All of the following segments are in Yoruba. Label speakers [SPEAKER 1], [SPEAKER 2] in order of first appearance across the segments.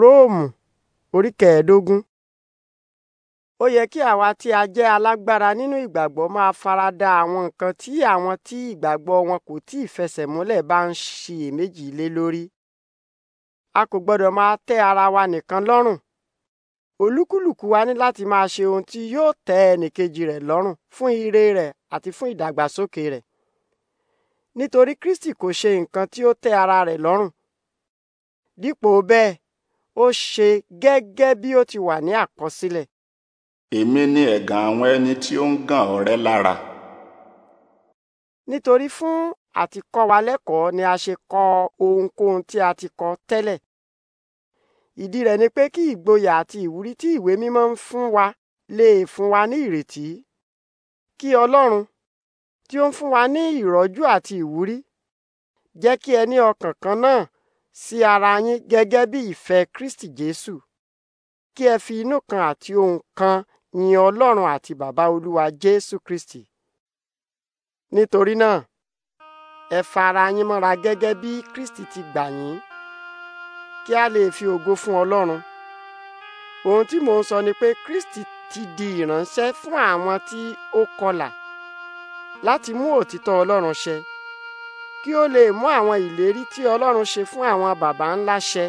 [SPEAKER 1] róòmù orí kẹẹ̀ẹ́dógún. ó yẹ kí àwa tí a jẹ́ alágbára nínú ìgbàgbọ́ máa farada àwọn nǹkan tí àwọn tí ìgbàgbọ́ wọn kò tí ì fẹsẹ̀ múlẹ̀ bá ń ṣiyèméjì lé lórí. a kò gbọ́dọ̀ máa tẹ́ ara wa nìkan lọ́rùn. olúkúlùkù wa ní láti máa ṣe ohun tí yóò tẹ́ ẹnìkejì rẹ̀ lọ́rùn fún ire rẹ̀ àti fún ìdàgbàsókè rẹ̀. nítorí Kristi kò ṣe nǹkan tí ó tẹ́ ara rẹ̀ lọ́rùn. dípò bẹ́ẹ̀ ó ṣe gẹ́gẹ́ bí ó ti wà ní àkọsílẹ̀.
[SPEAKER 2] èmi ni ẹ̀gàn àwọn ẹni tí ó ń gàn ọ̀rẹ́ lára.
[SPEAKER 1] nítorí fún àti kọ́ wa lẹ́kọ̀ọ́ ni a ṣe kọ ohunkóhun tí a ti kọ tẹ́lẹ̀. ìdí rẹ̀ ni pé kí ìgboyà àti ìwúrí tí ìwé mímọ́ ń fún wa lè fún wa ní ìrètí. kí ọlọ́run tí ó ń fún wa ní ìrọ́jú àti ìwúrí jẹ́ kí ẹni ọkàn kan náà sí ara yín gẹ́gẹ́ bí ìfẹ́ Kristi Jésù kí ẹ fi inú kan àti ohùn kan yin Ọlọ́run àti bàbá Olúwa Jésù Kristi nítorí náà ẹ fara yín mọ́ra gẹ́gẹ́ bí Kristi ti gbà yín kí a lè fi ògo fún Ọlọ́run ohun tí mò ń sọ ni pé Kristi ti di ìránṣẹ́ fún àwọn tí ó kọlà láti mú òtítọ́ Ọlọ́run ṣẹ kí ó lè mú àwọn ìlérí tí Ọlọ́run ṣe fún àwọn baba ńlá ṣẹ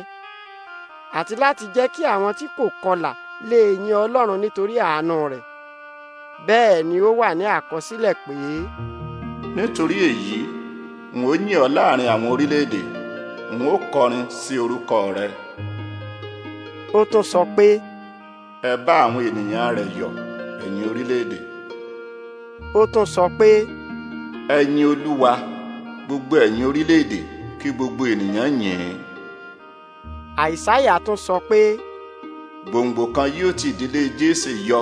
[SPEAKER 1] àti láti jẹ́ kí àwọn tí kò kọlà lè yin Ọlọ́run nítorí àánú rẹ̀ bẹ́ẹ̀ ni ó wà ní àkọsílẹ̀ pé.
[SPEAKER 2] nítorí èyí n ó yìn ọ́ láàrin àwọn orílẹ̀-èdè n ó kọrin sí orúkọ rẹ. ó tún sọ pé. ẹ bá àwọn ènìyàn rẹ̀ yọ̀ ẹ̀yin orílẹ̀-èdè. ó tún sọ pé. ẹ Olúwa gbogbo ẹ̀yin orílẹ̀-èdè kí gbogbo ènìyàn yìn ín. àìsáyà tún sọ pé. gbòǹgbò kan yóò ti ìdílé jésè yọ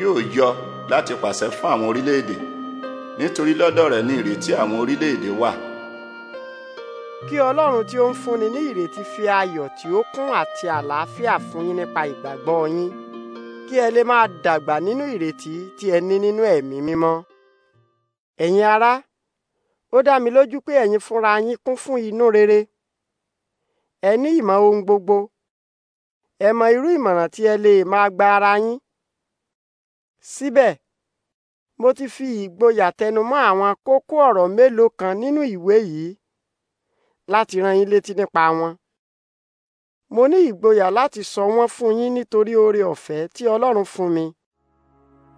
[SPEAKER 2] yóò yọ láti pàṣẹ fún àwọn orílẹ̀-èdè nítorí lọ́dọ̀ rẹ̀ ni ìrètí àwọn orílẹ̀-èdè wà.
[SPEAKER 1] kí ọlọ́run tí ó ń fúnni ní ìrètí fi ayọ̀ tí ó kún àti àlàáfíà fún yín nípa ìgbàgbọ́ yín kí ẹ lè máa dàgbà nínú ìrètí tí ẹ ní nínú ẹ̀mí mímọ́. ẹ̀yin ará ó dá mi lójú pé ẹ̀yin fúnra yín kún fún inú rere ẹ ní ìmọ̀ ohun gbogbo ẹ mọ irú ìmọ̀ràn tí ẹ lè máa gba ara yín síbẹ̀ mo ti fi ìgboyà tẹnumọ́ àwọn kókó ọ̀rọ̀ mélòó kan nínú ìwé yìí láti rán yín létí nípa wọn mo ní ìgboyà láti sọ wọ́n fún yín nítorí oore ọ̀fẹ́ tí Ọlọ́run fún mi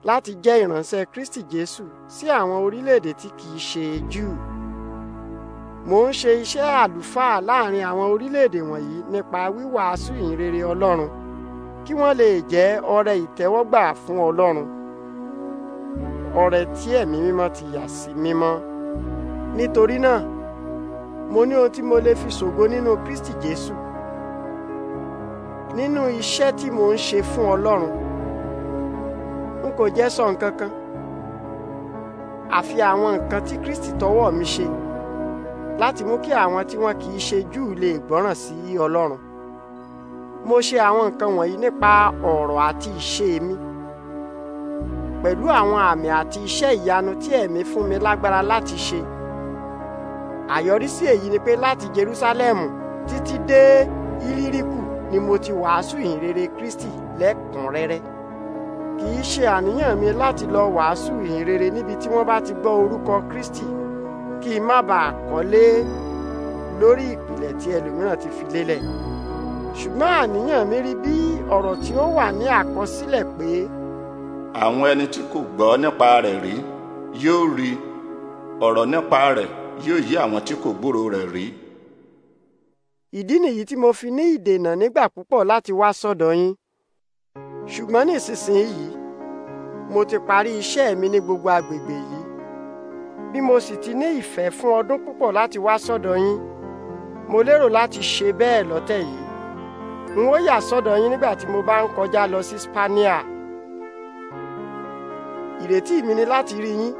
[SPEAKER 1] láti jẹ́ ìránṣẹ́ Kristi Jésù sí àwọn orílẹ̀-èdè tí kìí ṣe Júù mò ń ṣe iṣẹ́ àlùfáà láàrin àwọn orílẹ̀-èdè wọ̀nyí nípa wíwàásù ìhìnrere Ọlọ́run kí wọ́n lè jẹ́ ọrẹ ìtẹ́wọ́gbà fún Ọlọ́run ọrẹ tí ẹ̀mí mímọ́ ti yà sí mímọ́ nítorí náà mo ní ohun tí mo lè fi ṣògo nínú Kristi Jésù nínú iṣẹ́ tí mò ń ṣe fún Ọlọ́run n kò jẹ́ sọ nǹkan kan àfi àwọn nǹkan tí Kristi tọwọ́ mi ṣe láti mú kí àwọn tí wọn kì í ṣe Júù lè gbọ́ràn sí Ọlọ́run mo ṣe àwọn nǹkan wọ̀nyí nípa ọ̀rọ̀ àti ìṣe mi pẹ̀lú àwọn àmì àti iṣẹ́ ìyanu tí ẹ̀mí fún mi lágbára láti ṣe àyọrísí èyí ni pé láti Jerúsálẹ́mù títí dé Ilíríkù ni mo ti wàásù ìhìnrere Kristi lẹ́kùnrẹ́rẹ́ kì í ṣe àníyàn mi láti lọ wàásù ìhìn rere níbi tí wọ́n bá ti gbọ́ orúkọ Kristi kí n má bàa kọ́lé lórí ìpìlẹ̀ tí ẹlòmíràn ti fi lélẹ̀ ṣùgbọ́n àníyàn mi rí bí ọ̀rọ̀ tí ó wà ní àkọsílẹ̀ pé.
[SPEAKER 2] àwọn ẹni tí kò gbọ́ nípa rẹ̀ rí yóò rí ọ̀rọ̀ nípa rẹ̀ yóò yí àwọn tí kò gbúrò rẹ̀ rí.
[SPEAKER 1] ìdí nìyí tí mo fi ní ìdènà nígbà púpọ̀ láti wá sọ́dọ̀ yín ṣùgbọ́n nísinsìnyí mo ti parí iṣẹ́ mi ní gbogbo agbègbè yìí bí mo sì ti ní ìfẹ́ fún ọdún púpọ̀ láti wá sọ́dọ̀ yín mo lérò láti ṣe bẹ́ẹ̀ lọ́tẹ̀ yìí n ó yà sọ́dọ̀ yín nígbà tí mo bá ń kọjá lọ sí Spania ìrètí mi ni láti rí yín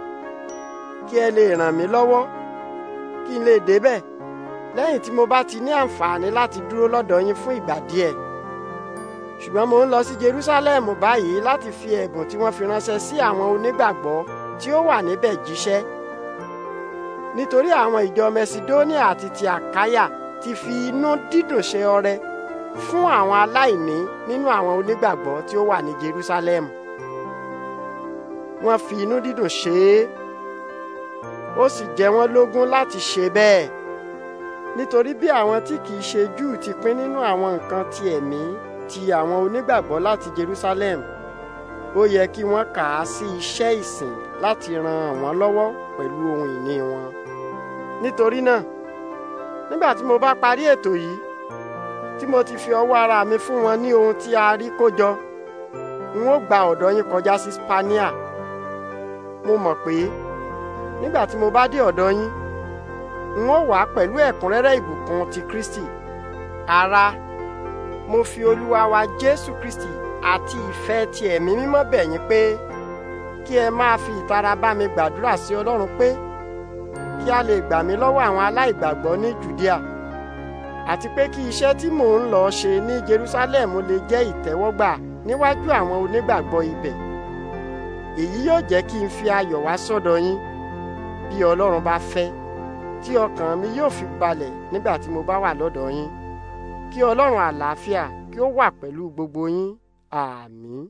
[SPEAKER 1] kí ẹ lè ràn mí lọ́wọ́ kí n lè débẹ̀ lẹ́yìn tí mo bá ti ní àǹfààní láti dúró lọ́dọ̀ yín fún ìgbà díẹ̀ ṣùgbọ́n mo ń lọ sí Jerúsálẹ́mù báyìí láti fi ẹ̀bùn tí wọ́n fi ránṣẹ́ sí àwọn onígbàgbọ́ tí ó wà níbẹ̀ jíṣẹ́ nítorí àwọn ìjọ Mẹsidóníà àti ti Àkáyà ti fi inú dídùn ṣe ọrẹ fún àwọn aláìní nínú àwọn onígbàgbọ́ tí ó wà ní Jerúsálẹ́mù wọ́n fi inú dídùn ṣe é ó sì jẹ wọ́n lógún láti ṣe bẹ́ẹ̀ nítorí bí àwọn tí kìí ṣe Júù ti pín nínú àwọn nǹkan ti ẹ̀mí. E ti àwọn onígbàgbọ́ láti Jerusalem ó yẹ kí wọ́n kà á sí iṣẹ́ ìsìn láti ran àwọn lọ́wọ́ pẹ̀lú ohun ìní wọn. nítorí náà nígbà tí mo bá parí ètò yìí tí mo ti fi ọwọ́ ara mi fún wọn ní ohun tí a rí kó jọ n ó gba ọ̀dọ̀ yín kọjá sí Spania mo mọ̀ pé nígbà tí mo bá dé ọ̀dọ̀ yín n ó wá pẹ̀lú ẹ̀kúnrẹ́rẹ́ ìbùkún ti Kristi ara mo fi olúwa wa jésù kristi àti ìfẹ́ ti ẹ̀mí mímọ́ bẹ̀ yín pé kí ẹ máa fi ìtara bá mi gbàdúrà sí ọlọ́run pé kí a lè gbà mí lọ́wọ́ àwọn aláìgbàgbọ́ ní judea àti pé kí iṣẹ́ tí mò ń lọ ṣe ní jerusalem lè jẹ́ ìtẹ́wọ́gbà níwájú àwọn onígbàgbọ́ ibẹ̀ èyí yóò jẹ́ kí n fi ayọ̀ wá sọ́dọ̀ yín bí ọlọ́run bá fẹ́ tí ọkàn mi yóò fi balẹ̀ nígbà tí mo bá wà lọ́dọ̀ yín kí ọlọ́run àlàáfíà kí ó wà pẹ̀lú gbogbo yín àmín.